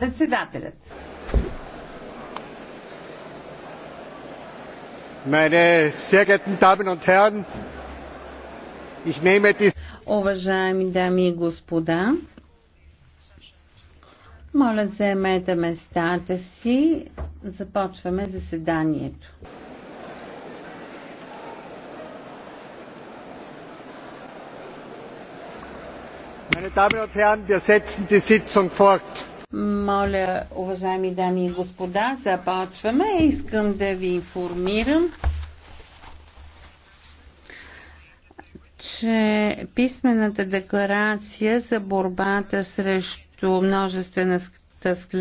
Председателят. Meine sehr geehrten Damen und Herren, ich nehme dies... Уважаеми дами и господа, моля заемете местата си. Започваме заседанието. Meine Damen und Herren, wir setzen die Sitzung fort. Моля, уважаеми дами и господа, започваме. Искам да ви информирам, че писмената декларация за борбата срещу множествената склероза